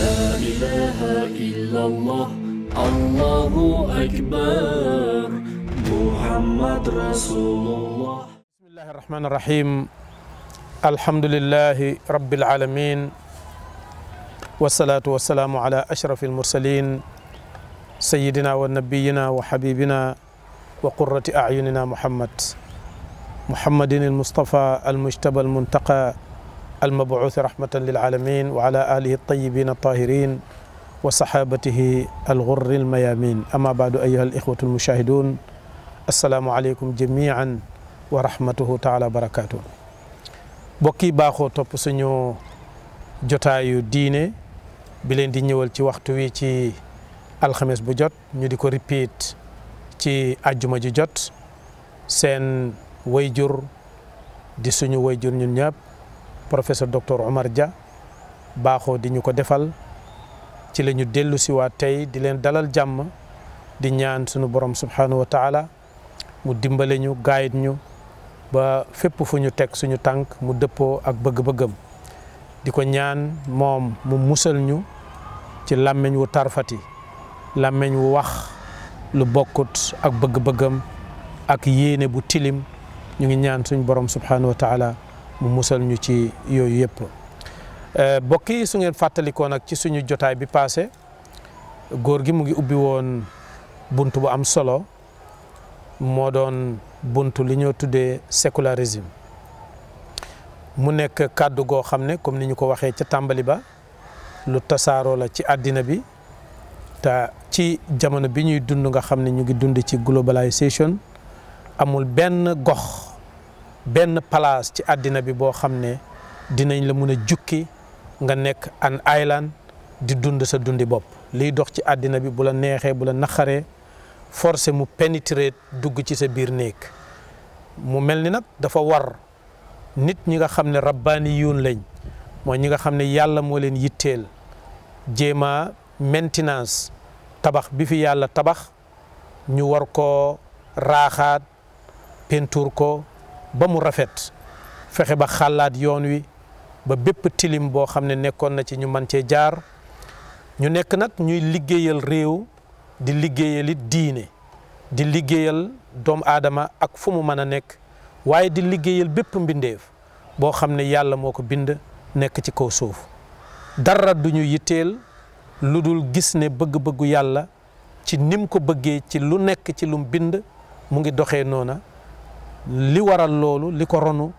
لا إله إلا الله الله أكبر محمد رسول الله بسم الله الرحمن الرحيم الحمد لله رب العالمين والصلاة والسلام على أشرف المرسلين سيدنا ونبينا وحبيبنا وقرة أعيننا محمد محمد المصطفى المجتبى المنتقى المبعوث رحمة للعالمين وعلى آله الطيبين الطاهرين وصحابته الغر الميامين أما بعد أيها الإخوة المشاهدون السلام عليكم جميعا ورحمة الله تعالى وبركاته بكي باخو توب سنيو ديني بلين دي نيول تي وقتو الخميس بو جوت ريبيت تي اجوما جي سين ويجور دي سنيو ويجور نيون professeur docteur Omar Dia baxo di ñuko defal ci lañu delu ci wa tay di len dalal Jam, di ñaan sunu borom subhanahu wa taala mu dimbalé ñu gaayit ñu ba fep fu ñu teg suñu tank mu depo ak bëgg-bëggam di ñaan mom mu mussel ñu ci lamagne wu tarfati lamagne wu wax lu bokut ak bëgg-bëggam ak yene bu tilim ñu ngi ñaan suñu borom subhanahu wa taala mu musal ñu ci yooyu yëpp eh, bokk yi su ngeen fàttalikoo nag ci suñu jotaay bi paase góor gi mu ngi ubbi woon bunt bu am solo moo doon bunt li ñoo tuddee sécularisme mu nekk kàddu goo xam ne comme ni ñu ko waxee ca tàmbali ba lu tasaaroo la ci àddina bi te ci jamono bi ñuy dund nga xam ne ñu ngi dund ci globalisation amul benn gox benn place ci àddina bi boo xam ne dinañ la mun a jukki nga nekk an island di dund sa dundi bopp liy dox ci àddina bi bu la neexee bu la naqaree forcé mu pénétrer dugg ci sa biir néeg mu mel ni nag dafa war nit ñi nga xam ne rabbani yuun lañ mooy ñi nga xam ne yàlla moo leen yitteel jéema maintenance tabax bi fi yàlla tabax ñu war koo raaxaat pentuur ko ba mu rafet fexe ba xàllaat yoon wi ba bépp tilim boo xam ne nekkoon na ci ñu mën cee jaar ñu nekk nag ñuy liggéeyal réew di liggéeyalit it diine di liggéeyal doomu aadama ak fu mu mën a nekk waaye di liggéeyal bépp mbindeef boo xam ne yàlla moo ko bind nekk ci kaw suuf dara du ñu yitteel lu dul gis ne bëgg-bëggu yàlla ci nim ko bëggee ci lu nekk ci lu bind mu ngi doxee noona li waral loolu li ko ronu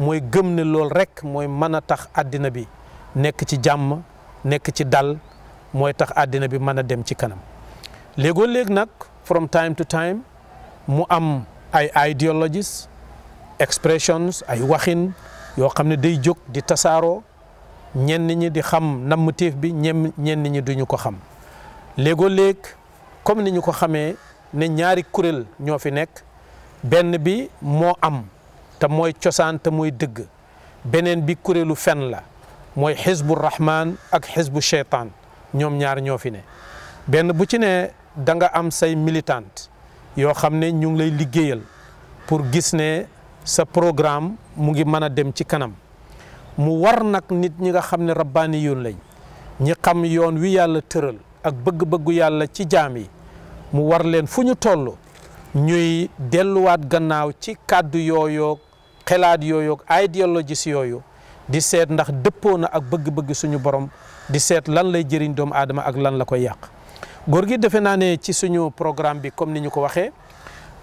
mooy gëm ne loolu rek mooy mën a tax àddina bi nekk ci jàmm nekk ci dal mooy tax àddina bi mën a dem ci kanam léegoo léeg nag from time to time mu am ay ideologies expressions ay waxin yoo xam ne day jóg di tasaaroo ñenn ñi di xam nammuteef bi ñem ñenn ñi duñu ko xam léegoo léeg comme ni ñu ko xamee ne ñaari kuréel ñoo fi nekk benn bi moo am te mooy cosaan te mooy dëgg beneen bi kuréelu fen la mooy xisbu rahman ak xisbu cheytaan ñoom ñaar ñoo fi ne benn bu ci ne da nga am say militant yoo xam ne ñu ngi lay liggéeyal pour gis ne sa programme mu ngi mën a dem ci kanam mu war nag nit ñi nga xam ne rabbaani yoon lañ ñi xam yoon wi yàlla tëral ak bëgg-bëggu yàlla ci jaam yi mu war leen fu ñu toll ñuy delluwaat gannaaw ci kàddu yooyoog xelaat yooyoog idéologies yooyu di seet ndax dëppoo na ak bëgg-bëgg suñu borom di seet lan lay jëriñ doomu aadama ak lan la koy yàq góor gi defe naa ne ci suñu programme bi comme ni ñu ko waxee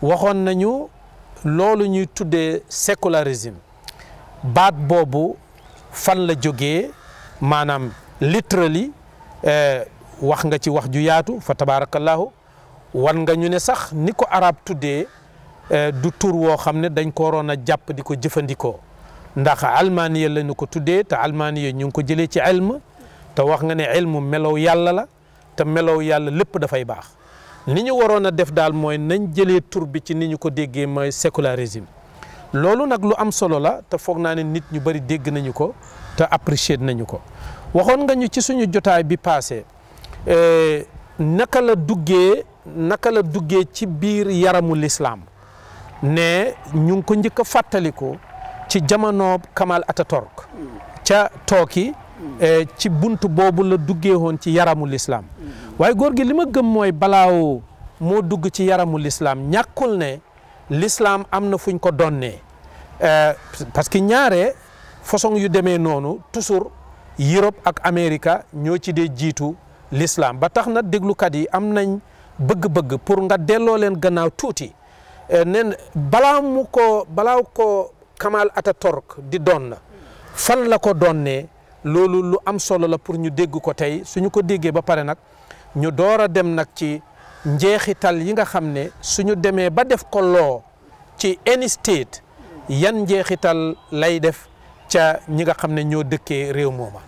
waxoon nañu loolu ñuy tuddee sécularisme baat boobu fan la jógee maanaam literally eh, wax nga ci wax ju yaatu fa tabaarakallaahu wan nga ñu ne sax ni ko arab tuddee euh, du tur woo xam ne dañ ko waroon a jàpp di ko jëfandikoo ndax almaaniya la ñu ko tuddee te almaaniya ñu ngi ko jëlee ci ilm te wax nga ne ilmu melow yàlla la te melow yàlla lépp dafay baax ni ñu waroon a def daal mooy nañ jëlee tur bi ci ni ñu ko déggee mooy sécularisme loolu nag lu am solo la te foog naa ne nit ñu bëri dégg nañu ko te apprécier nañu ko waxoon nga ñu ci suñu jotaay bi passé euh, naka la duggee naka la duggee ci biir yaramu lislaam ne ñu ngi ko njëkk a fàttaliku ci jamono Kamal Ataturk ca tooki eh, ci bunt boobu la duggee woon ci yaramu lislaam waaye góor gi li ma gëm mooy balaaw moo dugg ci yaramu lislaam ñàkkul ne lislaam am na fuñ ko donnee eh, parce que ñaare façon yu demee noonu toujours Europe ak Amérique ñoo ci dee jiitu lislaam ba tax na déglukat yi am nañ bëgg-bëgg pour nga delloo leen gannaaw tuuti eh, nen balaa ko balaa ko Kamal Ataturk di doon na fan la ko doon ne loolu lu am solo la pour ñu dégg ko tey suñu ko déggee ba pare nag ñu door a dem nag ci njeexital yi nga xam ne suñu demee ba def ko loo ci any state yan njeexital lay def ca ñi nga xam ne ñoo dëkkee réew mooma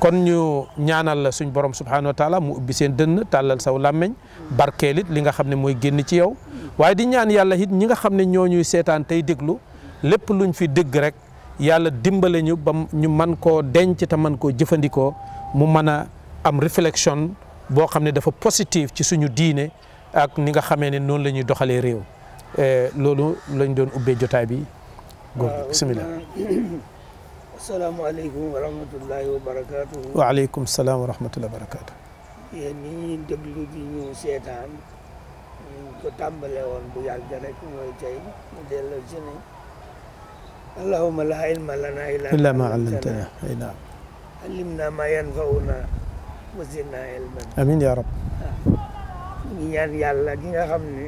kon ñu ñaanal la suñ borom subhanahu wa mu ubbi seen dënn tàllal saw làmmeñ barkeel li nga xam ne mooy génn ci yow waaye di ñaan yàlla it ñi nga xam ne ñoo ñuy seetaan tey déglu lépp luñ fi dëgg rek yàlla dimbale ñu ba ñu man koo denc te man koo jëfandikoo mu mën a am réflexion boo xam ne dafa positive ci suñu diine ak ni nga xamee ne noonu lañuy doxalee réew eh, loolu lañ doon ubbee jotaay bi góor bisimilah asalaamaaleykum salaam wa rahmatullahi yéen ñi ñuy déglu di ñu seetaan ñu ko tàmbale woon bu yàgg rek mooy tey mu delloo ci ne allahumma la ilma lana illa ma allamtana ay naam allimna ma yanfauna wa zidna ilman amin ya rab ñu ngi ñaan yàlla gi nga xam ne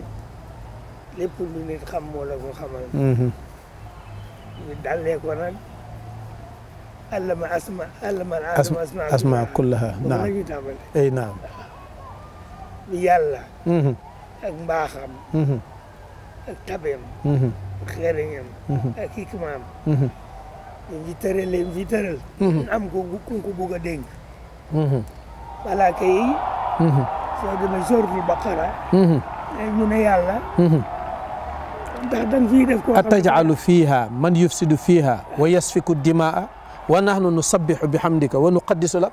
lépp lu nit xam moo la ko xamal ñu dalee ko nag الا ما اسمع الا ما اسمع اسمع, أسمع كلها نعم اي نعم يلا اها باخم اها تبيم اها خيرين اها اكيك مام اها ينجي ترل ينجي ترل نعم كو كو بوغا دينغ اها بلا كي اها سو دي مزور في بقره اها من يلا اها أتجعل فيها من يفسد فيها ويسفك الدماء wa nahnu nusabbihu bihamdika wa nuqaddisu lak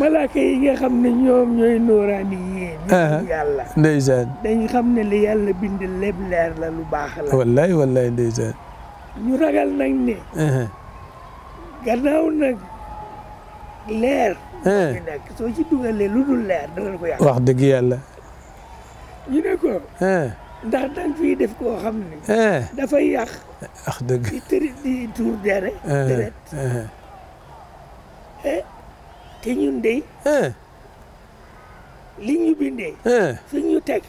malaaka yi nga xam ne ñoom ñooy nooraani yee ñi yàlla ndeysaan dañ xam ne li yàlla bind lépp leer la lu baax la wallaay wallaay ndeysaan ñu ragal nag ne gannaaw nag leer ñu nekk soo ci dugalee lu dul leer danga ko yàq wax dëgg yàlla ñu ne ko ndax danga fii def koo xam ne dafay yàq wax dëgg di tëri di tuur dere eh, deret eh, eh. te ñun dey li ñu bindee ñu teg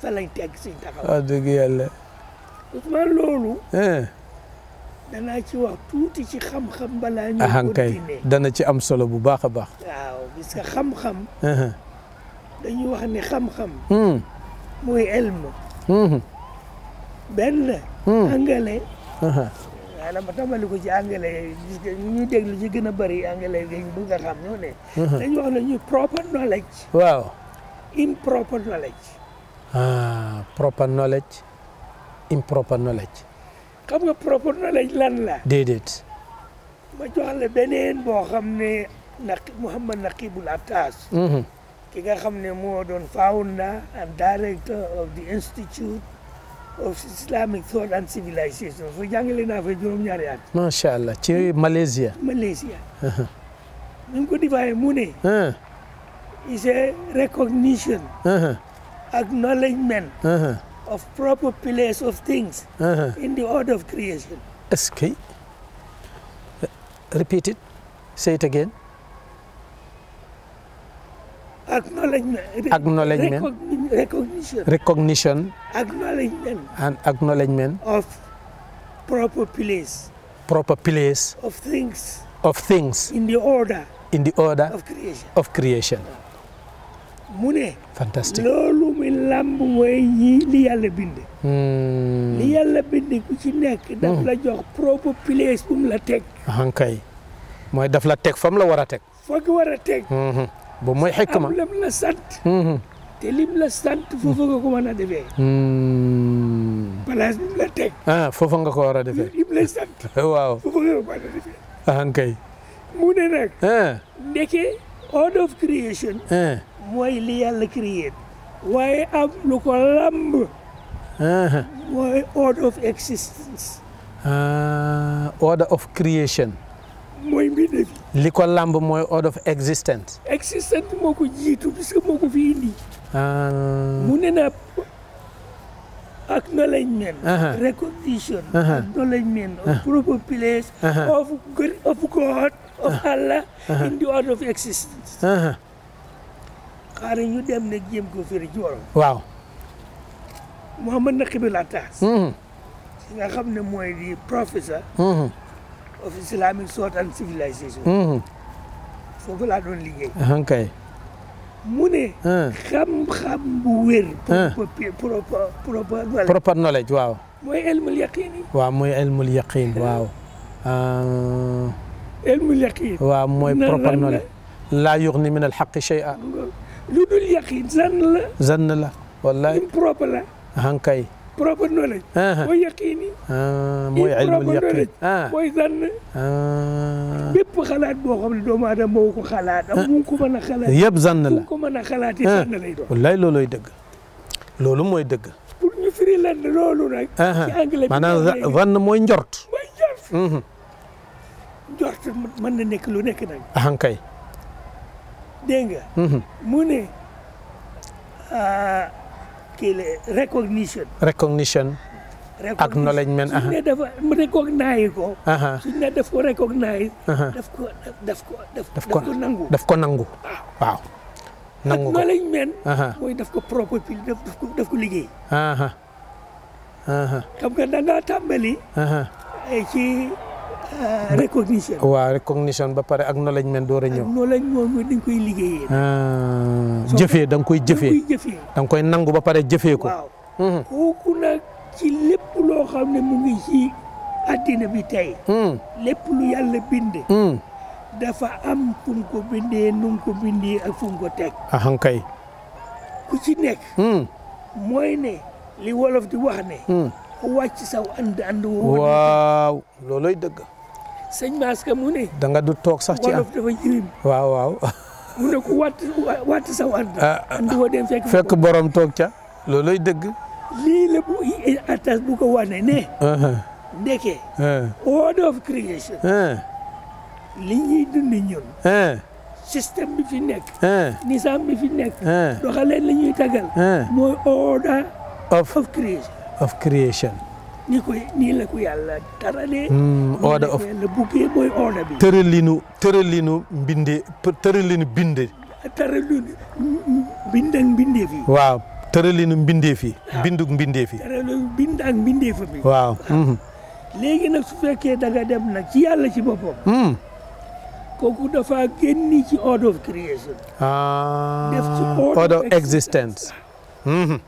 fa lañ teg suñ taxaw wax dëgg yàlla Ousmane loolu danaa ci wax tuuti ci xam-xam dana ci am solo bu baax a baax waaw parce que xam-xam dañu wax ne xam benn hmm. angale ah, maanaam tàmbali ko ci anglais ñu dégg ci gën a bëri dañ bëgg xam ñoo ne dañ wax ñu proper knowledge wow improper knowledge ah proper knowledge improper knowledge xam nga proper knowledge lan la déedéet ma jox la beneen boo xam Muhammad naq Mouhamad Naqibul Attaas mhm. ki nga doon founder and director of the institute of Islamic Thought and Civilization fa jàngale naa fa juróom-ñaari at. macha allah ci Malaysia. Malaysia. Uh-huh. ni mu ko defee mu ne. Uh-huh. is a recognition. Uh-huh. acknowledgement. of proper place of things. in the order of creation. est-ce que say it again. acknowledgement. acknowledgement. recognition. recognition. acknowledgement. and acknowledgement. of proper mu ne. fantastique loolu ñii li yàlla bind. Hmm. li yàlla bind ku ci nekk. daf hmm. la jox proper place bu mu la teg. ankay mooy daf la teg fa la war a teg. foog war a boobu mooy xikma ma lam la sant. Mm-hmm. te lim la sant foofu nga ko mën a defee. Mm. Ah, nga ko war a defee. lim nga ko mën a defee. ah kay. mu ne nag. Ah. ndeke order of creation. Ah. mooy li yàlla créé. waaye am lu ko lamb. mooy order of existence. order of creation. mooy mbindeef yi. li ko lamb mooy ordre of existence. existence moo ko jiitu puisque moo ko fi indi. Ah. mu ne na ak knowledge recognition. ak of proper of God. of Allah. in the order of existence. xaar ñu dem nag jéem ko firi ci wàllu. waaw. Mouhamad Naqib El Attaas. Mm-hmm. nga xam ne mooy di professeur. Mm-hmm. of Islamic Thought and Civilization. foofu laa doon liggéey. hankay. mu ne. xam-xam bu wér. pro proper knowledge. proper knowledge waaw. mooy ilmul yaqin yi. waaw mooy ilmul yaqin waaw. ilmul yaqin. waaw mooy proper knowledge. laa yuxni min alxaqi shay'a. lu dul yaqin zan la. zan la wallaay. improper la. hankay. proper knowledge. Ah, ah. mooy yaqiini. Ah, mooy ilmul yaqiin mooy zann. bépp xalaat boo xam ne doomu aadama moo ko xalaat. am mu ko mën a xalaat yëpp zann la mu ko mën a xalaat yi zann lay doon. wallaay loolooy dëgg loolu mooy dëgg. pour ñu firi lan loolu nag. ci anglais bi maanaam zann mooy njort. mooy njort. Mm-hmm. njort mën na nekk lu nekk nag. ahankay. dégg nga. Mm-hmm. mu ne. kii la recognition. recognition. acknowledgement suñ ne dafa recognize ko. suñ ne daf ko recognize. daf ko daf ko daf ko nangu. daf ko nangu waaw. nangu ko acknowledgement. mooy daf ko propre daf ko daf ko liggéey. xam nga da ngaa tàmbali. ci. Ah, recognition wa recognition ba pare ak no lañ knowledge door ñew no lañ mo mooy dañ koy liggéeyee ah jëfé dang koy jëfé dang koy nangu ba pare jëfé ko hmm ku nag ci lepp lo xam mu ngi ci adina bi tay hmm lepp lu yalla bindé hmm dafa am fu ko bindé nu ko bindé ak fu mu ko teg ah, kay ku ci nek hmm moy né li wolof di wax né hmm wacc saw and and wo waaw loloy deug sëñ Maska mu ne. danga nga du toog sax ci am dafa jirim waaw waaw. mu ne ku wàtt wàtt saw fekk. borom toog ca looloy dëgg. lii la bu atas bu ko wane ne. Uh-huh. ndeke. Uh-huh. order of creation. Uh-huh. li ñuy dund système bi fi nekk. nisaam bi fi nekk. doxaleen la ñuy tagal. mooy order. of creation. ni yàlla taralee. Hmm, order of la buggee mooy order bi. tëralinu tëralinu mbinde tëralinu binde. tëralinu bindag mbindeef yi. waaw tëralinu mbindeef yi. Ah. bindug mbindeef yi. tëralinu bindag mbindeef waaw. Ah. Mhm. léegi nag su fekkee da nga dem nag ci yàlla ci boppam. Hmm. kooku dafa génn ci order of creation. Ah, order of existence. Hmm.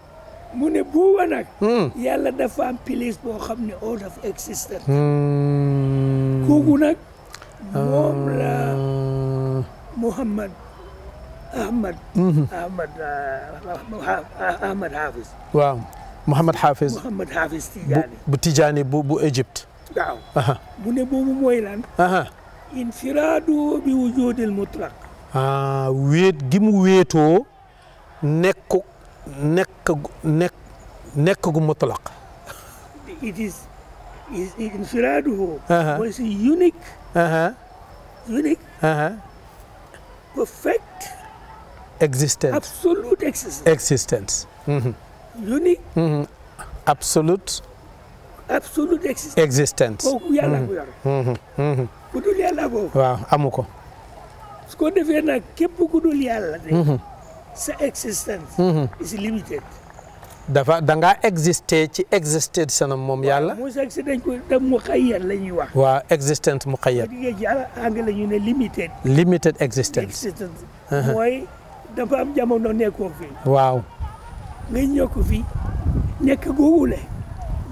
mu ne buuba nag. Hmm. yàlla dafa am pilis boo xam ne out of existence. Hmm. kooku nag. Ah. moom la Muhammad Ahmad. Hmm. Ahmad ah, Ahmad Hafiz. waaw Muhammad Hafiz. Muhammad Hafiz Tidjani. bu Tidjani bu bu Égypte. waaw. mu ne boobu mooy lan. infiraadu bi wujudil mutlaq. ah wéet gi mu wéetoo nekk. nekk nekk nekk gu mutlaq. it is is uh-huh. unique. Uh-huh. Uh-huh. existence existence. existence. Mm-hmm. unique. Mm-hmm. absolute. absolute existence. existence. kooku oh, yàlla ko mm-hmm. yore. ku dul yàlla boobu. waaw amu ko. su ko defee nag képp ku sa existence mm-hmm. is dafa da ngaa ci existence sanam moom yàlla. waaw Moussa si dañ ko mu xayyar la ñuy waaw ñu ne limited. limited existence. Uh-huh. mooy am jamono nekkoo fi. waaw. nga ñëw ko fi nekk googu la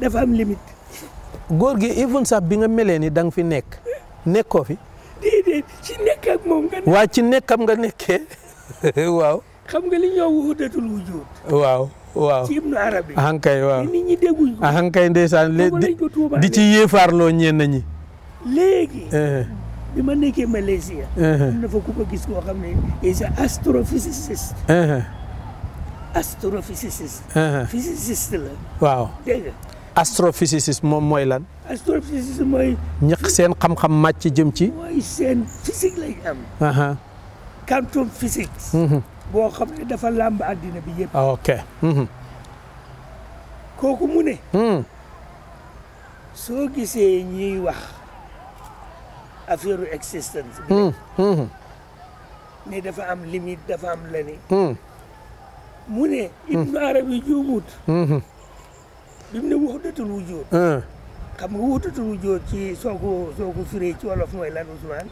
dafa am limite. góor gi even sax bi nga melee ni da fi nekk nekkoo fi. déedéet ci nekk ak moom nga. waa waaw. xam nga li ñoo waaw waaw ci ibnu arabi ahankay waaw nit ñi dégguñ ko ahankay di ci yéefaarloo ñeen ñi léegi eh, eh. bi ma nekkee Malaysia eh, am na fa ku ma gis koo xam ne is a astrophysicist astrophysicist la waaw dégg moom mooy lan astrophysiciste mooy ñaq seen xam-xam màcc jëm ci mooy seen physique lañ am boo xam ne dafa làmb àddina bi yëpp. Ah, ok. Mhm. kooku mu ne. Hmm. soo gisee ñiy wax affaire existence bi. Hmm. Hmm. ne dafa am limite dafa am lani. mu ne. ibnu arabi juumut. bi mu ne wuxdatul wujud. xam nga wuxdatul wujud ci soo ko soo ko firee ci wolof mooy la Ousmane.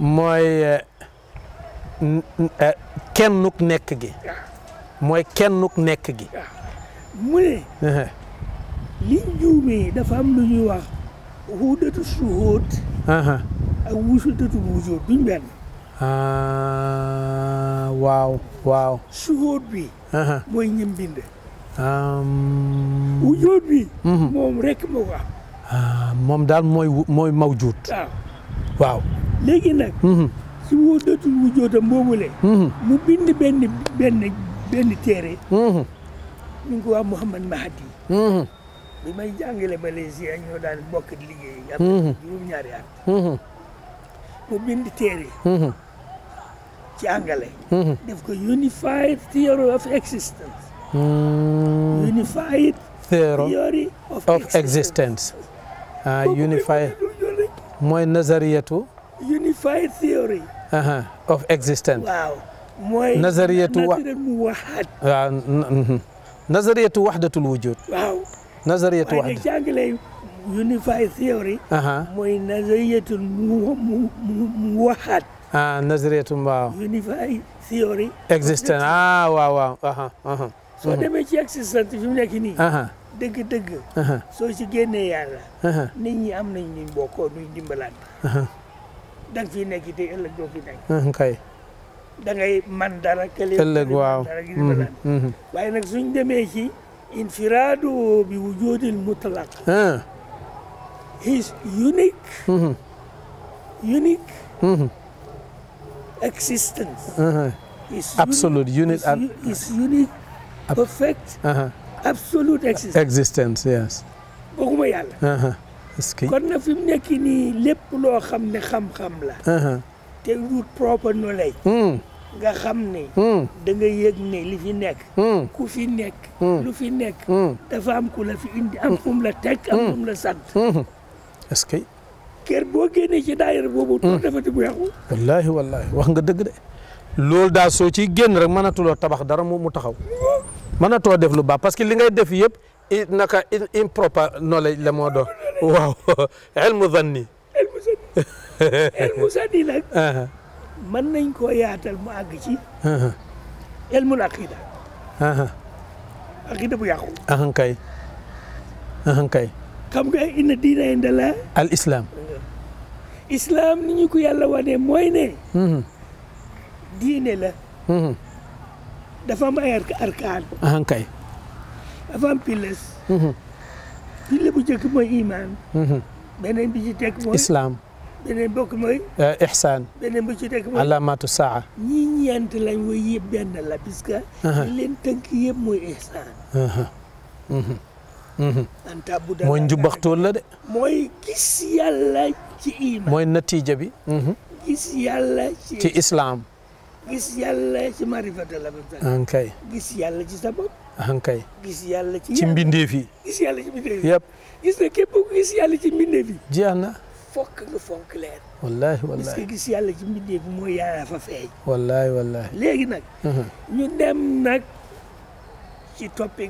mooy. Eh, E, kennuk nekk gi mooy kennuk nekk gi mu ne liñ juumee dafa am lu ñuy wax wuudatu suhóot ak wusudatu wujud duñ benn ah, waaw waaw suhóot bi mooy ñim mhm. ah, moom daal mooy mooy mawjud waaw léegi nag mhm. ci wóotatul wujjootam boobule mhm. mu bind benn benn benn téere ñu mhm. ngi ko waa Mouhamad Mahadi mhm. bi may jàngale Malaisie ak ñoo daan bokk di liggéey am juróom-ñaari at mu bind téere ci anglais def ko unified theory of existence mm. unified theory of existence ah unified mooy nazariyatu unified theory. of existence. waaw mooy. nazariyatu wa waaw nazariyatu wahdatul wujud. waaw nazariyatu wahda. waaye nag jàngale unified theory. mooy nazariyatu mu mu mu waxaat. ah nazariyatu waaw. unified theory. existence ah waaw waaw. soo mhm. demee ci existence fi mu nekk nii. dëgg-dëgg. soo ci génnee yàlla. nit ñi am nañ ñu bokkoo nuñ dimbalante. da ci fiy nekk tey ëllëg doo nekk. kay. da man dara. ëllëg waaw waaye nag suñ demee ci. infiraadu bi wujudil mutlaq. he is unique. unique. existence. is unique is unique. perfect. Uh-huh. existence. existence yes. kon na fi mu nekk nii lépp loo xam ne xam-xam la uh-huh. te route propre nu lay hmm. nga xam ne hmm. da nga yëg ne li fi nekk hmm. ku fi nekk lu fi nekk dafa am ku la fi indi am fu mu la teg am fu la sant est que kër boo génnee ci daayira boobu too defati bu yàqu wallaahi wallaahi wax nga dëgg de loolu daal soo ciy génn rek mënatuloo tabax dara mu taxaw mënatoo def lu baax parce que li ngay def yëpp i naka improper knowledge la moo doon waaw ilmu zanni ilmu nañ koo yaatal mu àgg ci ilmul aqida aqida bu yàqu ahan kay ahan kay xam nga inna diina inda la al islam islam ni ñu ko yàlla wane diine la dafa am arkaan ahan kay avant piles mhm. pile bu njëkk mooy iman mhm. beneen bi ci teg mooy islam beneen eh, saa ñii ñeent lañ woy yëpp benn la puisque li leen tënk yëpp mooy ihsaan mhm. anta bu mooy de mooy gis yàlla ci iman mooy natiija bi gis yàlla gis yàlla ci marifata hankay gis yàlla ci mbindeef yi gis yàlla yàlla ci mbindeef yi léegi nag mhm.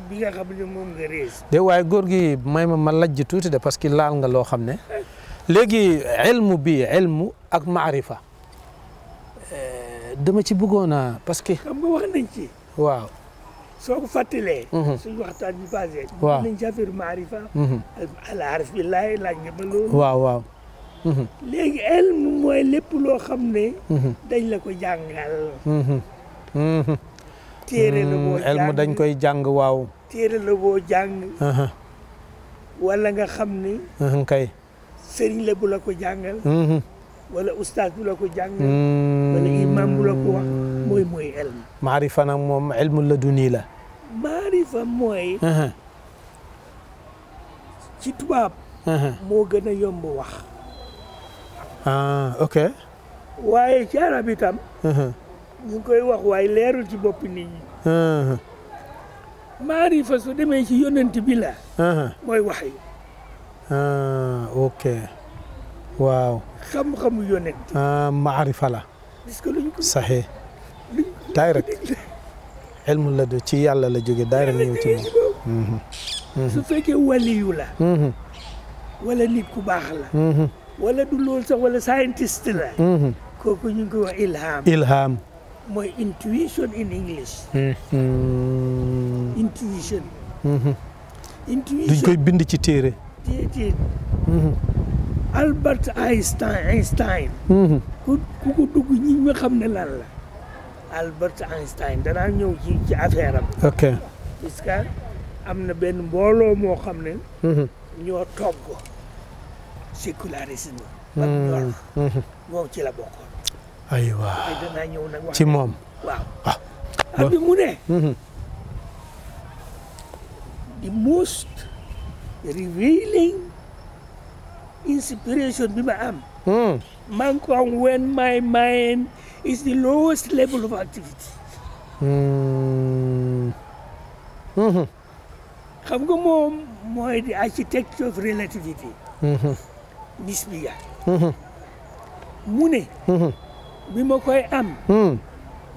bi nga xam ne moom de waaye góor gi may ma ma lajj tuuti de parce que laal nga loo xam ne léegi ilmu bi ilmu ak maarifa eh. dama ci bëggoon a parce que waaw soko ko mhm. suñu waxtaan bi passé. waaw nañ ci maarifa. Mhm. alaarif bi laay laaj nga ba loolu. waaw waaw. Mhm. léegi elm mooy lepp lo xam dañ la ko jangal téré la mm, bo jàng elm dañ koy jang waaw. téré la bo jang wala nga xam kay. sëriñ la bu la ko jangal wala oustad bu la ko jàngal. Mm. wala imam bu la ko wax moy moy elm. maarifa nak mom elmu laduni duni la. maarifa mooy ci tubaab moo gën a yomb wax ah ok waaye ci arab itam ñu koy wax waaye leerul ci bopp nit ñi maarifa su demee ci yonent bi la mooy wax yi ah, ok waaw xam-xamu yonent ah, maarifa la parce que elmu la du ci yàlla la jóge daara ñëw ci moom mhm. su fekkee waliyu la mhm. wala nit ku baax la mhm. wala du lool sax walla scientist la kooku ñu ngi koy wax ilham ilham mooy intuition in english intuition intuition duñ koy bind ci téere déedéet Albert Einstein Einstein ku ku ko dugg ñi nga xam ne lan la Albert Einstein danaa ñëw ci ci ok am na benn mbooloo moo xam ne. Mhm. ñoo togg sécularisme. Mhm. ak ñor mhm. moom ci la bokkoon. aywa ci moom. waaw ah bi most revealing inspiration bi ma am. man kong when my mind. is the lowest level of activity. Hmm. Mm-hmm. xam nga moom mooy the architecture of relativity. Nisbiya. Mm-hmm. Mm-hmm. mu ne. bi ma koy am. Mm.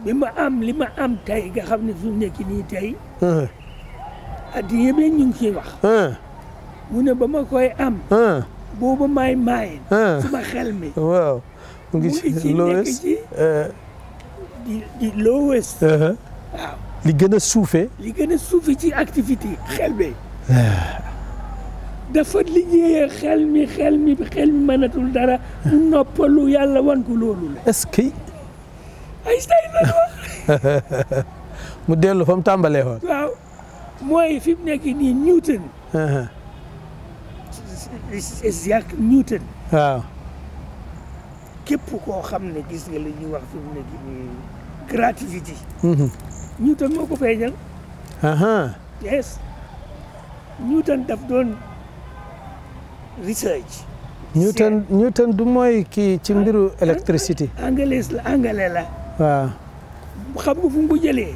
bi ma am li ma am tey nga xam ne fi mu nekk nii tey. addiye bi ñu ngi ciy wax. Mm. mu ne ba ma koy am. Mm. booba maay maay. suma xel mi mu ngi ci lowes di di uh-huh. li gën a suufee li gën a suufee ci activité xel be dafa liggéeyee xel mi xel mi xel mi mënatul dara mu noppalu yàlla wan ko loolu la est mu dellu fa mu tàmbalee woon waaw mooy fi mu nekk nii Newton uh-huh. Isaac Newton képp koo xam ne gis nga li ñuy wax fi mu nekk nii mhm. Newton moo ko feeñal. yes Newton daf doon research. Newton Newton du mooy kii ci ah, mbiru électricité. Ah, anglais ah, la anglais la. waaw. xam nga fu mu ko jëlee.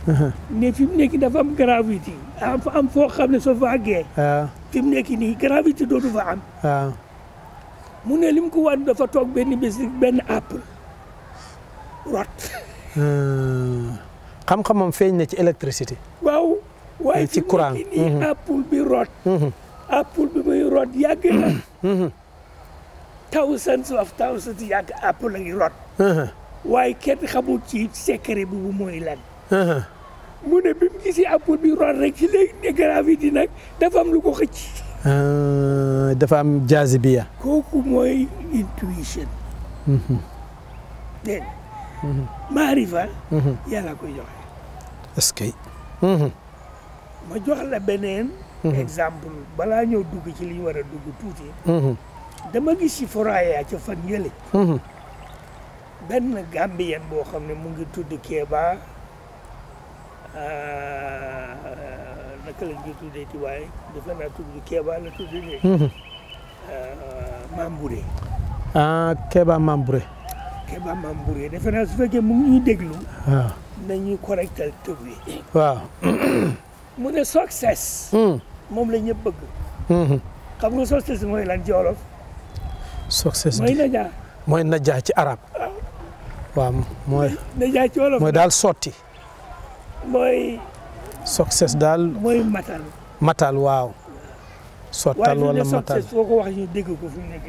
ne fi mu nekk dafa am gravité. am fa am foo xam ne soo fa àggee. waaw fi mu nekk nii gravité dootu fa am. waaw. mu ne lim ko wan dafa toog benn bés benn apple rot. Euh, xam-xamam feeñ na ci électricité. waaw waaye ci courant nii mhm. apple bi rot. Mhm. apple bi muy rot yàgg na. Mhm. thousands of thousands yàgg apple la ngi rot. waaye kenn xamul ci secret bi bu mooy lan. mu ne bi mu gisee apple bi rot rek ci léegi ne gravité nag dafa am lu ko xëcc. Euh, dafa am jaasibiya. kooku mooy intuition. Mhm. dégg nga. Mhm. maarifa. Mhm. koy joxe. est-ce ma jox beneen. exemple balaa ñëw dugg ci li war dugg tuuti. dama gis ci Foraya ca fan yële. benn Gambien boo xam ne mu ngi tudd Kéba euh, naka lañ koy tuddee ci waaye dafa naa de. Mhm. Ah, ah, Mambouré. ah Kéba su fekkee mu ngi ñuy déglu. waaw ah. nañuy correctal tur bi. mu ne success. Hmm. moom la ñëpp bëgg. Hmm. xam nga success mooy lan ci wolof. success mooy najaa. mooy arab. mooy. daal sotti. mooy. succès daal. mooy matal. matal waaw. sottal wala matal waaye dégg ko fu mu nekk.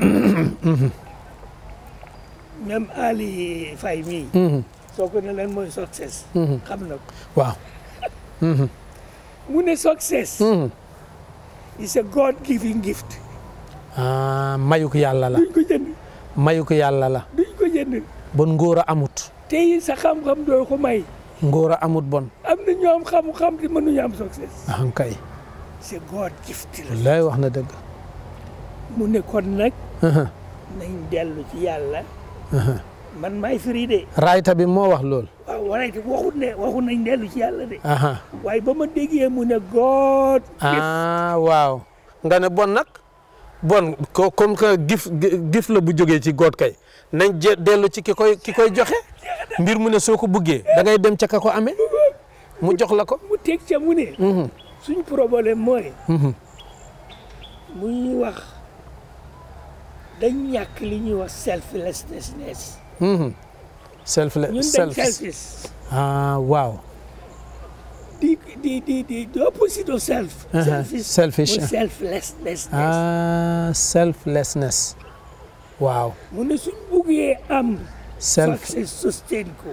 même Ali Faye mii. Mhm. soo ko ne lan mhm. mhm. mu ne succès. is a God giving gift. ah mayuk yàlla la. yàlla la. a amut. tey sa xam-xam doo ko may. ngóor a amut bon. am na ñoo am xam-xam te mënuñu am succès. ah kay. c'est wax na dëgg. mu ne kon nag. nañ dellu ci yàlla. man maay firi de. raayta bi moo wax lool. waaw raayta waxut nañ dellu ci yàlla de. waaye ba ma déggee mu ne God. ah bon nag. bon ko comme la bu jógee ci God kay nañ dellu ci ki koy ki koy joxe. mbir mu ne soo ko buggee da dem ca ka ko amee mu jox la ko. mu teg ca mu ne. Mhm. suñ problème mooy. mu mhm. ñuy wax dañ ñàkk li ñuy wax selflessness. Mhm. selfless ñun dañ ah, waaw. di di di di the opposite self. Uh-huh. selfish ah, waaw. mu ne suñ buggee am. self sustain ko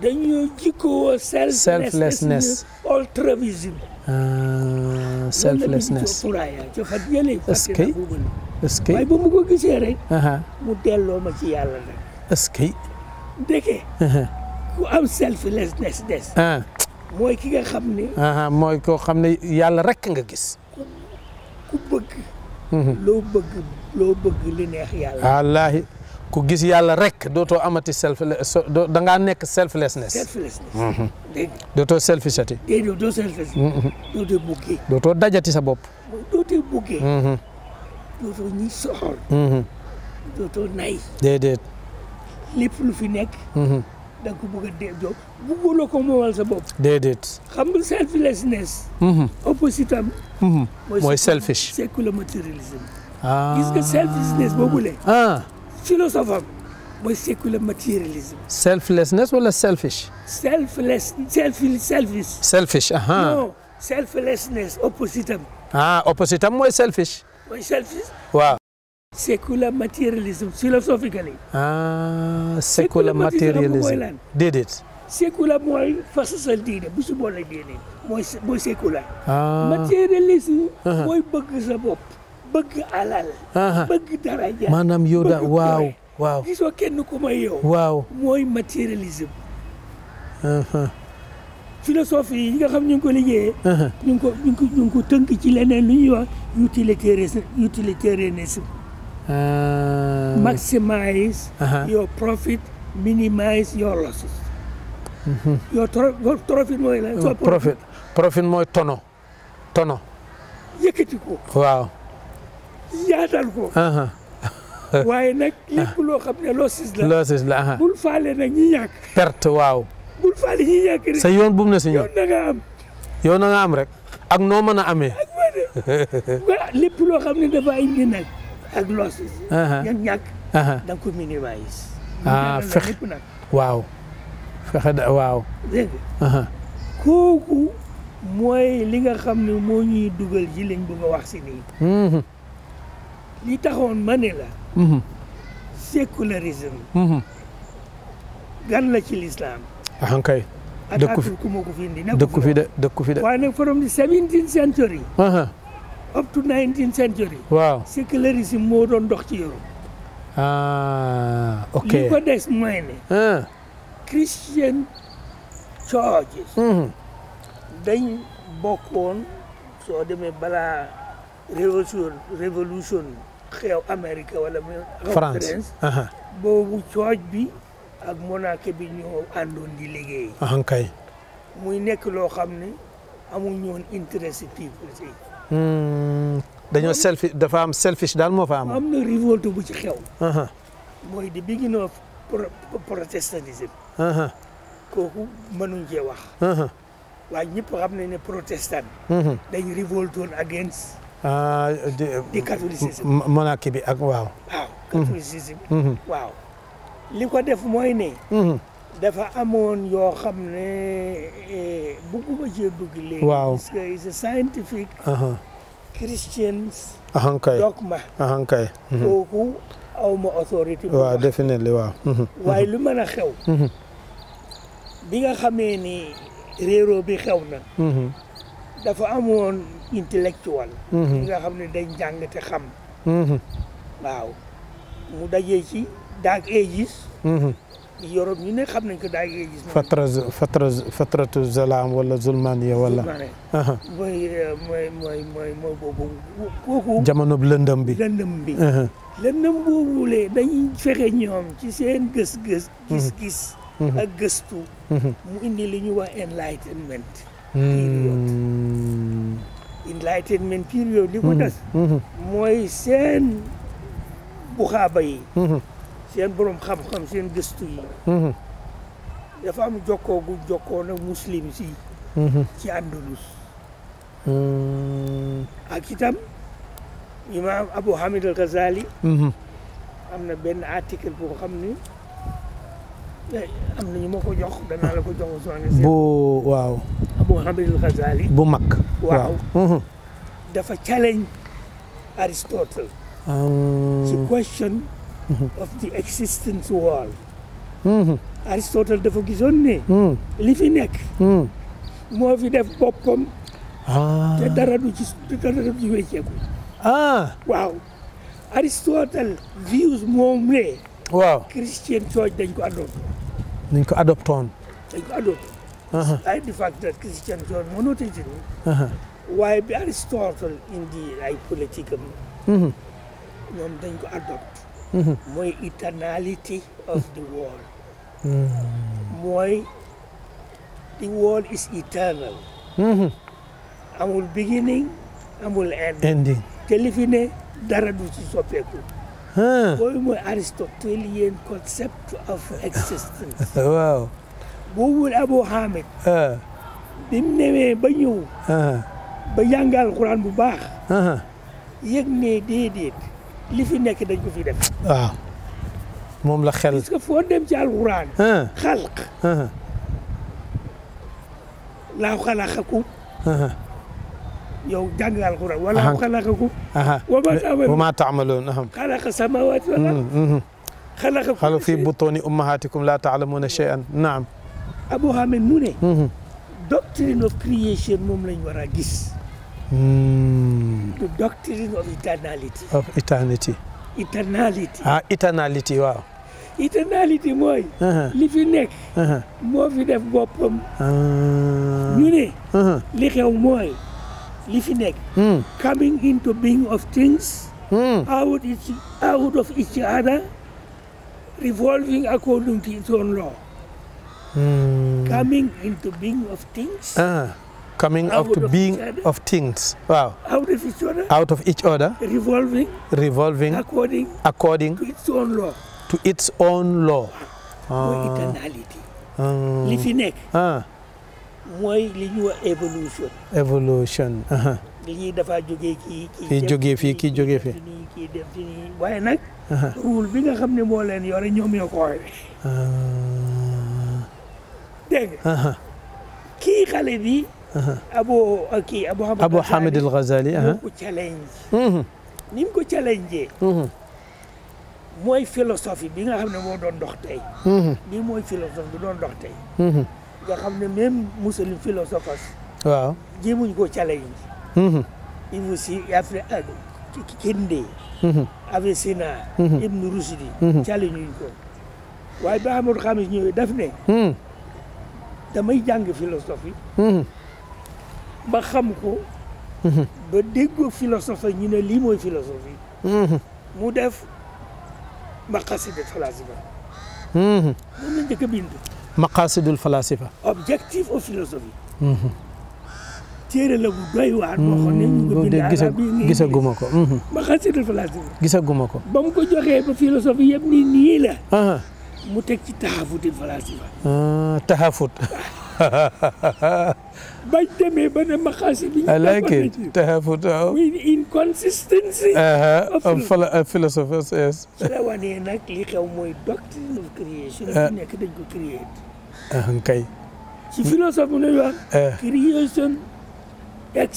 dañoo ah. jikkoo selflessness altruism ah, selflessness est-ce que est-ce que waaye ba ko gisee rek mu delloo ma ci yàlla nag est-ce que ku am selflessness des ah. mooy ki nga xam ne mooy koo xam ne yàlla rek nga gis ku bëgg mhm. loo bëgg loo bëgg li neex yàlla wallaahi ku gis yàlla rek dootoo amati self da ngaa selflessness. selflessness. dégg mhm. selfishati. dégg nga mhm. dajati sa bopp. dootoo buggee. Mhm. dootoo ñi soxor. dootoo nay. déedéet. lépp lu fi nekk. da nga ko bëgg a dee doo bëgguloo sa bopp. déedéet. xam nga selflessness. opposite am. mooy selfish. c'est que le matérialisme. philosophe am mooy secular materialism. selflessness wala selfish. selfless selfish selfish. selfish aha. non selflessness opposite am. ah opposite am mooy selfish. secular materialism philosophically. Ah, secular materialism déedéet. séculaire mooy fas sa diine bu si diine mooy mooy séculaire. Ah. mooy bëgg sa bopp. bëgg alal. bëgg daraja maanaam yow da waaw waaw gisoo kenn ku may yow. waaw mooy matérialisme. philosophie yi nga xam ñu ngi ko liggéeyee. ñu ngi ko ñu ngi ko ñu tënk ci leneen lu ñuy wax utilitarianism utilitarianism. Ah. maximize. your profit minimize your losses. Mhm. your profit mooy la. profit mooy tono tono. yëkkati ko waaw. yaatal waaye nag loo xam ne loosis la. loosis la bul faale nag waaw. sa yoon bu mu si ñoom yoon na nga am. yoon na am rek. ak noo mën a amee. lépp loo xam ne dafa indi nag ak loosis. ñoom da nga ko minimiser. ah fexe waaw. da waaw. dégg mooy li nga xam ne moo ñuy dugal ji lañ bëgg a wax si li taxoon ma ne la mhm. sécularisme mhm. gan la ci lislaam ahan kay dëkku ko fi indi dëkku fi de dëkku fi de waaye from the seventeenth century up to nineteenth century waaw moo doon dox ci Europe ah ok li ah. Christian churches mhm. dañ bokkoon soo demee balaa révolution xew Amérique wala. France boobu cooj bi ak Monake bi ñoo àndoon di liggéey. kay. muy nekk loo xam ne amuñu woon intérêt si people si. Hmm. dañoo selfish dafa am selfish daal moo am. am na bu ci xew. mooy di beginning of protestantism. kooku mënuñ cee wax. waaye ne protestant. dañ révolte against. Ah, di catholicisme bi ak waaw. Mhm. Mhm. waaw li ko def mooy ne. Mhm. dafa amoon yoo xam ne e, bëgguma cee dugg léegi. waaw Christians. ahankay dogma. ahankay. kooku aw ma autorité. waaw definitely waaw. waaye lu mën a xew. bi nga xamee ni réero bi xew na. dafa amoon intellectuel ñi mhm. nga xam ne dañ jàng te xam mhm. waaw mu daje ci daag aegis mhm. Europe ñu ne xam nañ ko daag aegis fatra fatra fatratu zalaam wala zulmaniya wala mooy mooy jamono lëndëm bi lëndëm bi lëndëm boobu lee dañuy fexe ñoom ci seen gës-gës gis-gis ak gëstu mu indi li ñuy wax enlightenment period enlightenment period li mhm. Mhm. mooy seen buxaaba yi mhm. seen borom xam-xam seen gëstu yi dafa am jokkoo gu jokkoo nag muslim si ci Andalus mm. ak Abu Hamid al Ghazali am na benn article boo xam ni am na ñu ma ko ko jox bu waaw. Abu Hamid al-Ghazali bu mag. waaw mhm. dafa challenge Aristotle. ci question. Mhm. of the existence world. Mhm. Aristotle dafa gisoon ne. li fi nekk. moo fi ah. te dara du ci dara du ci wécceeku. Ah. waaw. Aristotle views moom Christian Church dañ ko adopté. nañ ko adopté woon. dañ ko adopté. artifacts that Christian John monotheism. Uh-huh. waaye bi Aristotle indi ay politique am. Mm-hmm. ñoom dañ ko adopté. Mm-hmm. mooy eternality of the world. Mm-hmm. mooy is eternal. amul beginning amul end. ending dara du ci soppeeku. ها وهم Aristotelian concept of existence واو بول أبو حامد اه بمن بنيو اه بيانغال القرآن مباح اه yëg ne déedéet li fi nekk dañ ko fi def. waaw moom la xel. parce que foo dem ci alxuraan. xalq. laa xalaqakum. yow jàng nga alxuraan. wala xalaqakum. wa ma taamaloon. xalaqa samawaati wal ard. Mm-hmm, mm-hmm. xalaqa xalu fi butooni ummahatikum laa taalamuuna cheyan naam. Abu Hamid mu ne. Mm-hmm. doctrine of creation moom lañ war a gis. Mm. the doctrine of eternality. of eternity. eternality. ah eternality waaw. eternality mooy. li fi nekk. moo fi def boppam. Ah. ñu ne. li xew mooy. leafy neck mm. coming into being of things mm. out, each, out of each other, revolving according to its own law. Mm. Coming into being of things. Ah, coming out of being other, of things. Wow. Out of each other. Out of each other. Revolving. Revolving. According. According. To its own law. To its own law. Ah. eternality. Um. Leafy neck. Ah, ah. mooy li ñuy wax évolution. évolution. li ñuy dafa jógee kii. kii joge fii kii jógee fii. kii dem ci nii waaye nag. ruul bi nga xam ne moo leen yore ñoom ñoo ko waxee. Ah. xale bi. abo kii abo. abo Hamid El Ghazali. ni ko challenge. Mhm. ni mu ko challenge. Mhm. mooy philosophie bi nga xam ne moo doon dox tey. Mhm. nga xam ne même Mussolini philosophos waaw jéemuñ ko challenge Ibn Sina ak Kinde Avicenna Ibn Rushdi mm-hmm. challenge ñu ko waaye ba Ahmadu Xaamis ñëwee daf ne mm-hmm. damay jàng philosophie mm-hmm. ba xam ko ba déggoo philosophie ñu ne lii mooy philosophie mu def ba xasida falaasifa moom la njëkk a bind maqaasidul falaasifa objectif au philosophie mhm. téere la bu doy waar boo xam ne ñu ngi mhm. bind arab yi gisaguma ko mhm. maqaasidul falaasifa gisaguma ko ba mu ko joxee ba philosophie yëpp ni nii la mu teg ci taxafudul falaasifa taxafut bañ demee ba ne maqaasi bi. I like it to have it out. with inconsistency. Uh-huh. of uh, philosophers yes. su la wanee nag li xew mooy doctrine of creation. Uh. Uh-huh, bu nekk uh. creation ex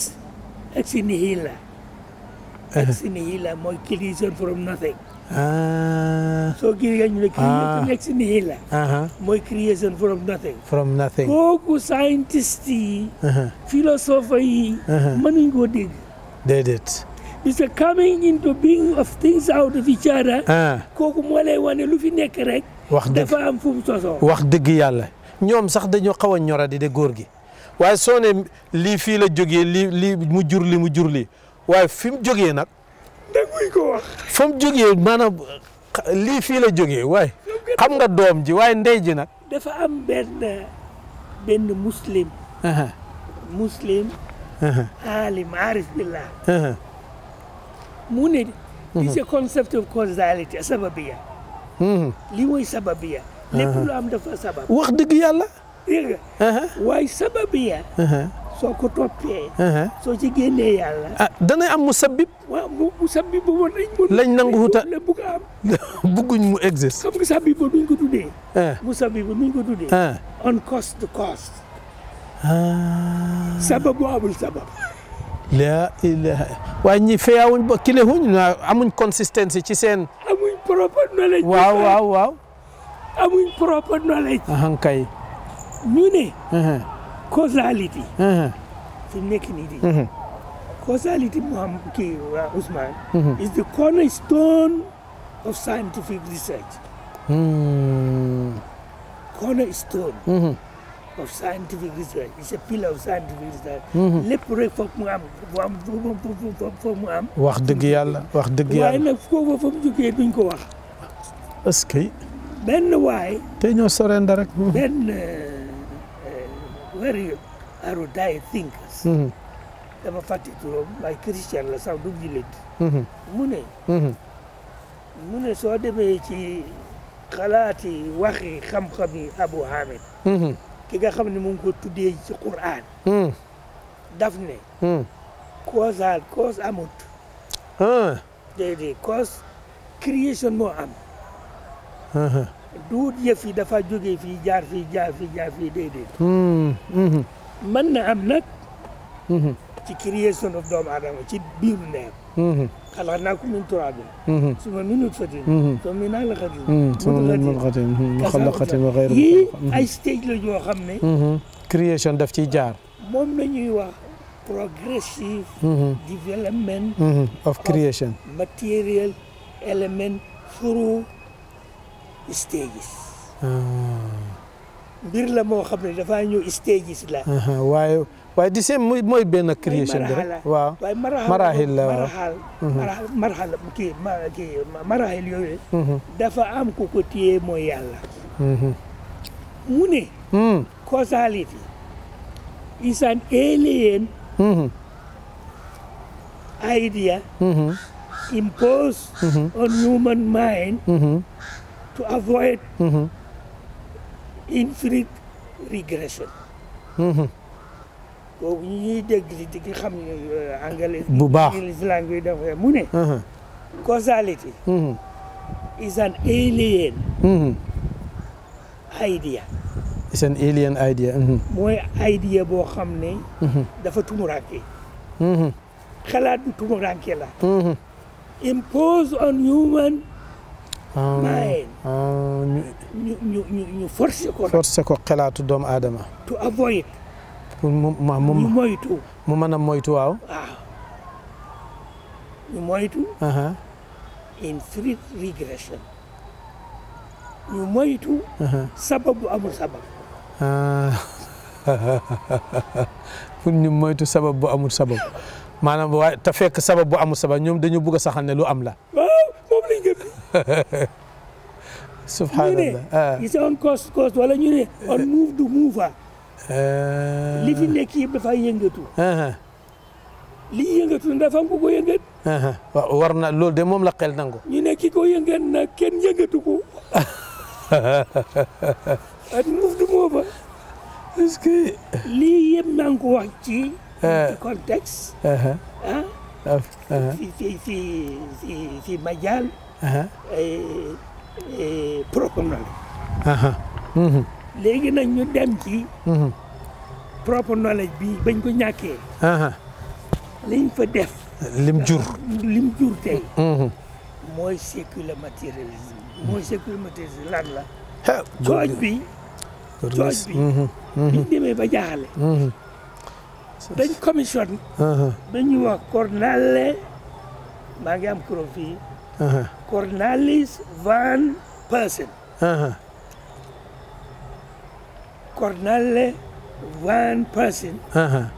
ex nihila. Uh-huh. ex nihila mooy creation from nothing. Ah. So Girigan you ah. create next in the hill. Uh-huh. My creation from nothing. From nothing. Koku scientist, uh-huh. i uh-huh. maningo dig. Did it. It's the being of things out of each other. Ah. mole wane lu fi nek rek. Wax dëgg fu mu soso. Wax dëgg yàlla ñoom sax dañoo xaw a ñoradi de góor gi waaye soo lii fii la jógee lii lii mu jur li mu jur lii waaye fi mu jógee nag. buñ ko wax. fa mu jógee maanaam lii fii la jógee waaye. xam nga doom ji waaye ndey ji nag. dafa am benn benn muslim. muslim. alim arif billah. mu ne. c'est concept of causality sababiya. lii mooy sababiya. lépp lu am dafa sabab. wax dëgg yàlla. dégg nga. waaye sababiya. soo ko toppee. soo ci génnee ah, danay am musabbib. waaw mu musabbib boobu lañ. lañ nangu huta la bugg a am. bugguñ mu existe. xam nga sabbib ba duñ ko tuddee. musabbib ba duñ ko on cost the cost. Ah. sabab ñi feyaawuñ ba kile huñ amuñ consistance ci seen. amuñ proper waaw waaw waaw. amuñ proper knowledge. ahan kay. ñu ne. causality uh-huh. fi mu nekk nii di uh-huh. causality Muhammad kii Ousmane uh-huh. is the cornerstone of scientific research hmm. cornerstone of scientific research it's a pillar of scientific research lépp rek foog mu am foog mu am foog mu am wax dëgg yàlla wax dëgg yàlla waaye nag foofu fa mu jógee duñ ko wax est-ce que benn waay te ñoo sorenda rek benn very erudite thinkers. Mm-hmm. dafa fàtte turam waaye christian la sax du jullit. Mm-hmm. mu mm-hmm. mu ne soo demee ci xalaati waxi xam-xami Abu Hamid. ki nga xam ne mu ngi ko tuddee ci Qur'an. daf ne. causaal cause amut. Ah. déedéet cause création moo am. Uh-huh. duut yëf yi dafa jóge fii jaar fii jaar fii jaar fii déedéet. Hmm, hmm. mën na am nag. Hmm. ci création of doomu aadama ci biir neex. xalaat naa ko min turaabin. suma minut fatin. soo mi naa la xatin. suma minut xatin muxallaqatin wa xayru yii ay stage la yoo xam ne. création daf ciy jaar. moom la ñuy wax progressive. development. of creation. material element through. stagis ah. mbir la moo xam ne dafaa ñëw la di seen mooy benn création bi rek waaw la waaw marahal mhm. kii mhm. dafa am ku ko téye mooy yàlla mhm. mu causality is an idea imposed on human mind to avoid mm-hmm. infinite regression. boobu ñuy dégg di ki uh, english language of mu money. Mm-hmm. causality. Mm-hmm. is an alien. Mm-hmm. idea. It's an alien idea. mooy idea boo xam dafa tumuraanke. xalaat bu tumuraanke la. impose on human. waaye euh, ñu ñu ñu xalaatu doomu aadama. to mu ma mu moytu. mu mën a moytu ah. ñu moytu. Uh-huh. infinite moytu. Uh-huh. sababu amul sabab. Ah. pour ñu sabab bu amul sabab maanaam waaye te fekk sabab boo amul sabab ñoom dañu bugg a saxal ne lu am la. Ah. subhanallah ñu ah. wala ñu on move du move ah. li fi nekk yëpp dafay yëngatu. Ah. li yëngatu dafa am ku ko yëngat. Ah. waaw war moom la xel nangu. ñu ne ki ko yëngat nag kenn yëngatu move du move ah. est-ce que. lii fi majal. propanol léegi nag ñu dem ci propanol bi bañ ko ñàkkee liñ fa def lim jur lim jur tey mooy sécule matérialisme mooy sécule matérialisme lan la cooj bi cooj bi biñ demee ba jaaxale dañ commission dañu wax cornale maa ngi am koro fii -huh. Cornelis van Persen. Uh-huh. Cornelis van Persen uh-huh.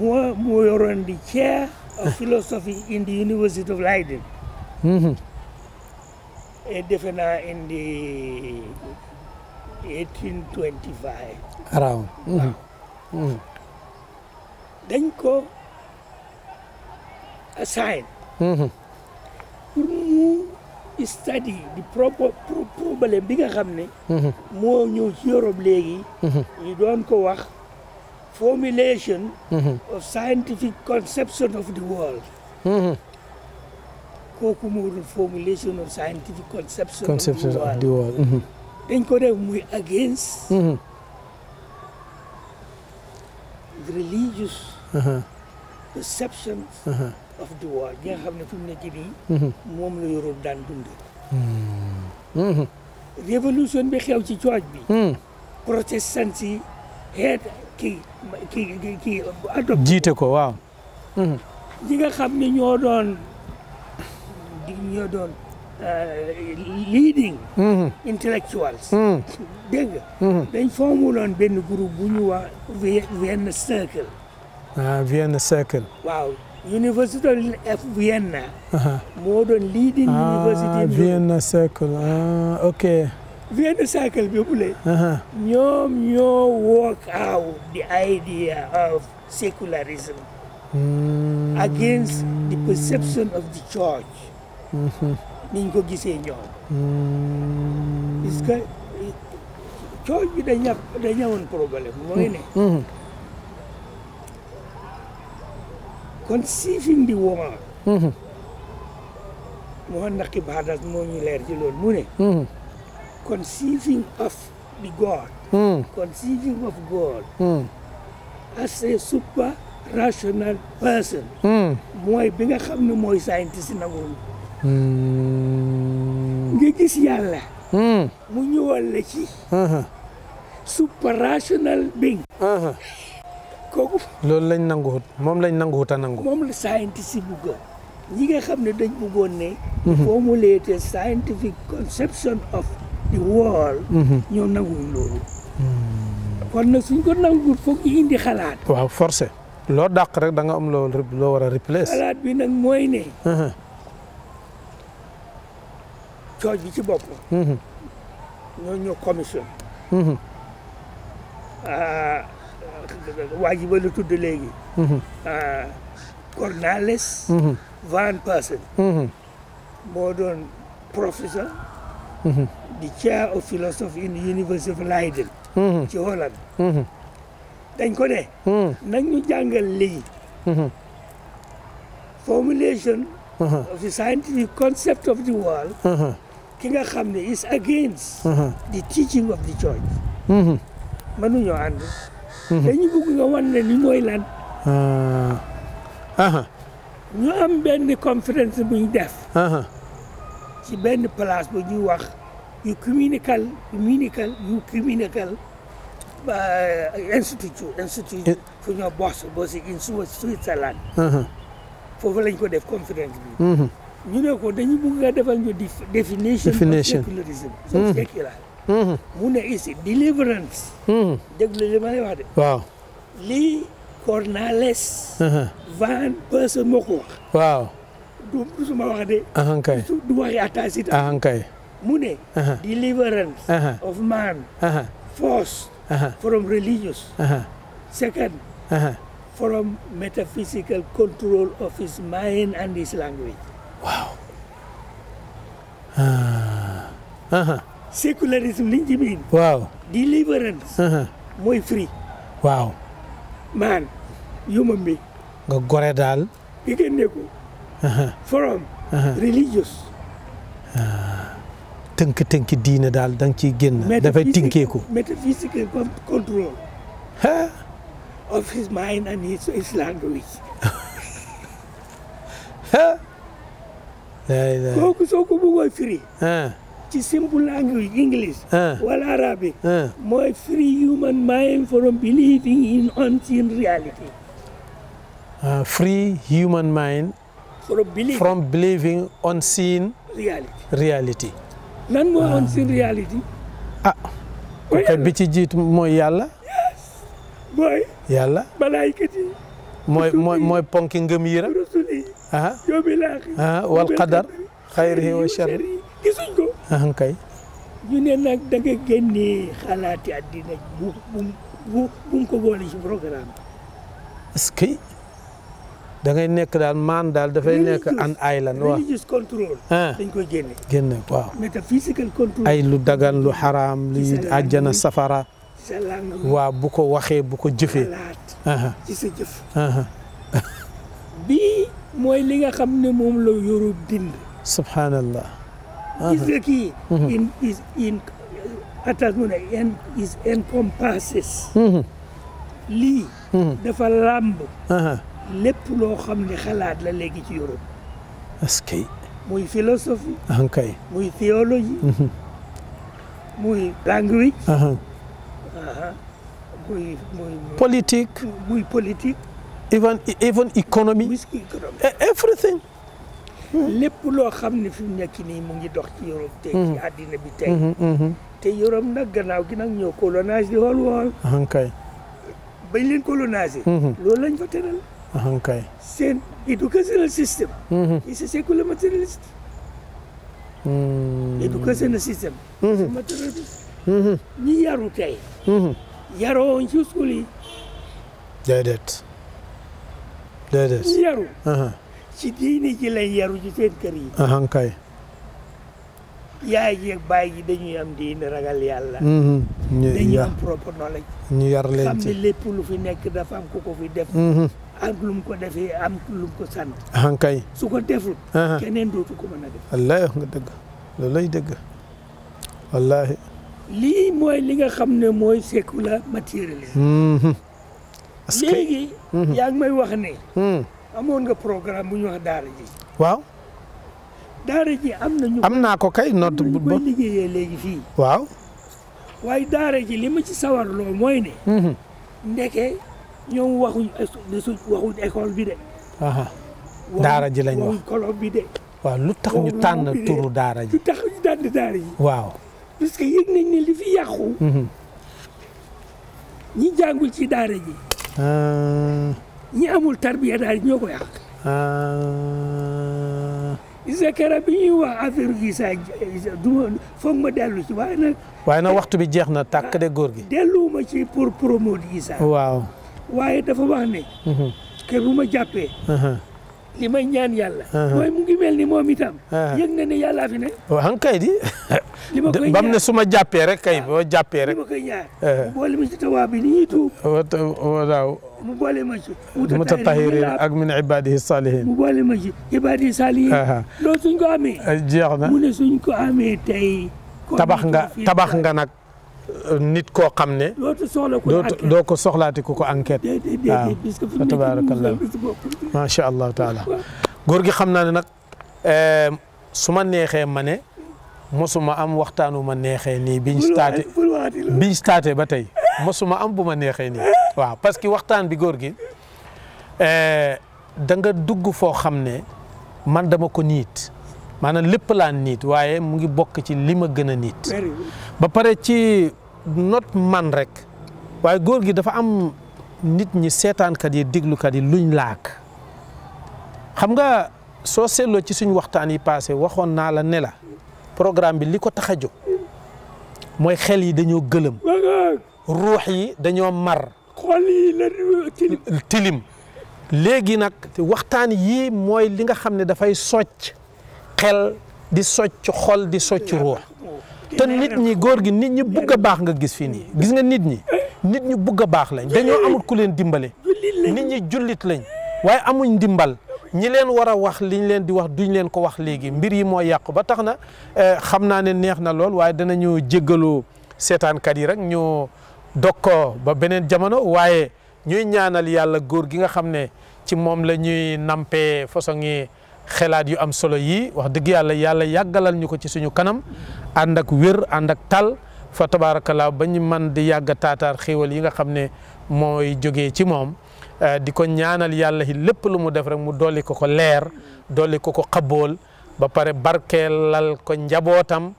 on the chair of uh-huh. philosophy in the University of Leiden. Mm-hmm. definitely in the 1825. Around. Mm -hmm. mm -hmm. Then go Mm -hmm mu study the proper problème bi nga xam ne mhm. moo ñëw ci Europe léegi mhm. ñu doon ko wax mhm. formulation of scientific conception of the world kooku moo formulation of scientific conception of the world dañ ko def muy against religious uh-huh. perceptions uh-huh. afduwa gi nga xam ne fi mu nekk mhm. moom la yoroon daan dund. Mhm. Mhm. révolution bi xew ci cooj bi. protestant yi xeet jiite ko waaw. ñi nga xam ne ñoo doon ñoo doon euh, leading. intellectuals. dégg nga. dañ formuloon benn groupe bu ñu Vienna Circle. Ah, Vienna Circle. University of Vienna, uh -huh. modern leading ah, university in Vienna Europe. Circle, ah, okay. Vienna Circle people, uh-huh. work out the idea of secularism mm. against the perception of the church. niñ ko gisee ñoom. church bi dañ ña dañ ñawoon problème mooy kon siifin bi woma mhm. moo naqi baadas moo ñu leer mu ne conceiving of the God, conceiving of God a super rational person. Mhm. mooy bi nga xam ne mooy scientist nangul. Mhm. nga gis yàlla. mu ñëwal la ci. super rational kooku. loolu lañ nanguwut moom lañ nanguwut a nangu. moom la scientifique yi ñi nga xam ne dañ bëggoon ne. Mhm. formulate a scientific conception of the world. Mhm. ñoo nanguwul loolu. Hmm. kon nag suñ ko nanguwut foog ñu indi xalaat. waaw forcé loo dàq rek danga nga am loo loo replace. xalaat bi nag mooy ne. cooj ci bopp mhm. commission. Ah, waa la tudd léegi. Mhm. Ah, mhm. Van Person. Mhm. moo doon professeur. di chair of philosophy in the University of Leiden. ci Holland. dañ ko ne. ñu jàngal lii. formulation. of the scientific concept of the world. ki nga xam ne is against. the teaching of the church. mënuñoo ànd. Mhm. dañu bëgg nga wan ne li mooy lan. ñu ah. am benn conférence bu ñu def. ci benn place bu ñu wax yu communical communical yu communical ba institut institut eh. fu ñoo bos bos in Switzerland. foofu lañ ko def conférence bi. Mhm. ñu ne ko dañu bëgg nga defal ñu définition. définition secularisme. Mhm. Hmm. Mune isi deliverance. déglu hmm. li ma lay wax de. waaw Cornales. Van Persie moo ko wax. orang du suma wax de. ahankay du waxi ataasi. ahankay mu deliverance. of man. force. from religious. second. from metaphysical control of his mind and his language. Wow. Ah. uh sécularisme liñ ci biin waaw maan human bi nga gore daal nga génne ko tënk ah. tënk diine daal da nga ciy génn dafay tinkeeku metaphysical control of his mind and his, his language kooku soo ko bëggoo firi ci simple language English. Ah. wala Arabic. Ah. mooy free human mind from believing in unseen reality. Ah, free human mind. from believing from believing reality reality. lan mooy unseen reality. ah. kooku bi ci jiitu mooy yàlla. mooy. mooy mooy mooy ponki ngëm yi rek. rusuli. ah ahankay ñu ne nag da nga génne xalaati ko boole ci programme da ngay nekk daal maan daal dafay nekk an island waaw religious control ah. dañ ay lu dagan lu xaraam li àjjana safara waaw bu ko waxee bu ko jëfee bii mooy li xam ne moom la Europe dind subhanallah Is the key in is in atasmuna en is encompasses mm-hmm. lii mm-hmm. dafa làmb lépp loo xam ne xalaat la léegi ci Europe est-ce que muy philosophie ankay muy théologie mm-hmm. muy language muy muy politique muy politique even even economy e-, everything lépp loo xam ni fi mu nekk nii mu ngi dox ci Europe tey ci mm-hmm. àddina bi tey mm-hmm, mm-hmm. te Europe na gannaaw gi nag ñoo colonise di xool wool ankay bañ leen coloniser loolu lañ fa tëral ankay seen educational system c'est secular materialist educational system c'est materialist ñi yaru tey yaroo ci school yi déedéet déedéet yaru ci diine ji lañ yaru ci seen kër yi. ahankay. yaay ji ak baay ji dañuy am diine ragal yàlla. Mhm. dañuy am propre ñu yar leen ci xam ne lu fi nekk dafa am ku ko fi def. Mhm. ak lu mu ko defee am lu mu ko sant. ahankay. su ko deful. keneen dootu ko mën def. wallaahi wax nga dëgg loolu lay dëgg wallaahi. lii mooy li nga xam ne mooy sécular matérialisme. Mhm. léegi. yaa ngi may wax ne. amoon nga programme bu ñuy wax daara ji. waaw. daara ji am nañu. am naa ko kay note bu ba liggéeyee léegi fii. waaw. waaye daara ji li ma ci sawar loo mooy ne. Mhm. ndeke ñoom waxuñ su waxuñ école bi de. daara ji lañ wax waxuñ bi waaw lu tax ñu tànn turu daara ji. lu waaw. parce que yëg nañ ne li fi yàqu. Mhm. ñi jàngul ci daara ji. Euh. ñi amul tarbiya daal ñoo ko yàq. Ah. gis nga keroog bi ñuy wax affaire gi saa du ma dellu si waaye nag. waaye waxtu bi jeex na tàkk de góor gi. ma ci pour promouvoir gi saa. waaw waaye dafa wax ne. kër mhm. ma jàppee. li may ñaan yàlla. mooy mu ngi mel ni moom itam. yëg nga ne yàllaa fi ne. waaw kay di. li ma koy ñaan bam ne su ma jàppee rek kay boo jàppee rek. li ma koy ñaan. boole mi si tawaab bi ni ñuy tuub. waaw. mu boole ma ci mutatahirin ak min ibadihi salihin mu boole ma ci ibadihi salihin loolu suñ ko amee eh, jeex na mu ne suñ ko amee tey tabax nga tabax nga nag eh, nit koo xam ne doo ko soxlaati ku ko enquête ah. waaw fa tabarakallah macha allahu taala góor gi xam naa ne nag eh, su ma neexee ma ne mosuma am waxtaanu ma neexee nii biñ staate biñ staate ba tey mosuma am bu ma neexee nii waaw parce que waxtaan bi góor gi eh, da nga dugg foo xam ne man dama ko niit maanaam lépp laa niit waaye mu ngi bokk ci li ma gën a niit ba pare ci not man rek waaye góor gi dafa am nit ñi seetaankat yi déglukat yi luñ laak xam nga soo seetloo ci suñ waxtaan yi passé waxoon naa la ne la programme bi li ko tax a jóg mooy xel yi dañoo gëlëm ruux yi dañoo mar. xol yi tilim léegi nag waxtaan yii mooy li nga xam ne dafay socc xel di socc xol di socc ruux te nit ñi góor gi nit ñi bugg a baax nga gis fii nii gis nga nit ñi nit ñi bugg a baax lañ dañoo amul ku leen dimbale nit ñi jullit lañ waaye amuñ dimbal ñi leen war a wax liñ leen di wax duñ leen ko wax léegi mbir yi moo yàqu ba tax na eh, xam naa ne neex na lool waaye danañu jéggalu seetaankat yi rek ñoo dog ba beneen jamono waaye ñuy ñaanal yàlla góor gi nga xam ne ci moom la ñuy nampee façon xelaat yu am solo yii wax dëgg yàlla yàlla yàggalal ñu ko ci suñu kanam ànd ak wér ànd ak tal fa tabaarakallaa ba ñu man di yàgg taataar xéewal yi nga xam ne mooy jógee ci moom eh, di ko ñaanal yàlla yi lépp lu mu def rek mu dolli ko ko leer dolli ko ko xabool ba pare barkeelal ko njabootam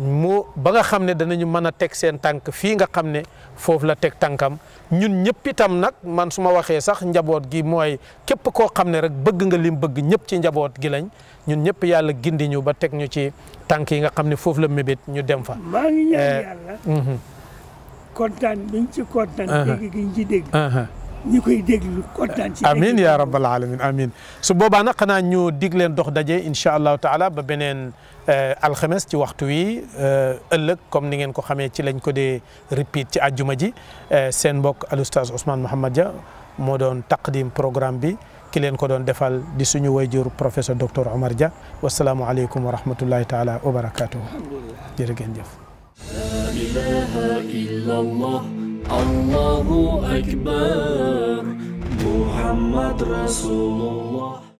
mu ba nga xam ne danañu mën a teg seen tànk fii nga xam ne foofu la teg tànkam ñun ñëpp itam nag man su ma waxee sax njaboot gi mooy képp koo xam ne rek bëgg nga lim bëgg ñëpp ci njaboot gi lañ ñun ñëpp yàlla gindi ñu ba teg ñu ci tànk yi nga xam ne foofu la mébét ñu dem fa. maa ngi ñaan eh, yàlla. Mhm. rabbal alamin amiin su boobaa nag xanaa ñu digleen dox daje incha allahu taala ba beneen. Euh, alxames ci waxtu wi euleuk comme ni ngeen ko xamé ci lañ ko dé repeat ci aljuma ji euh, seen mbokk al oustaz Ousmane mohammed Dia mo don taqdim programme bi ki len ko don defal di suñu wayjur professeur docteur Omar Dia alaykum wa rahmatullahi taala wa barakatuh jërë ngeen jëf allahu akbar muhammad rasulullah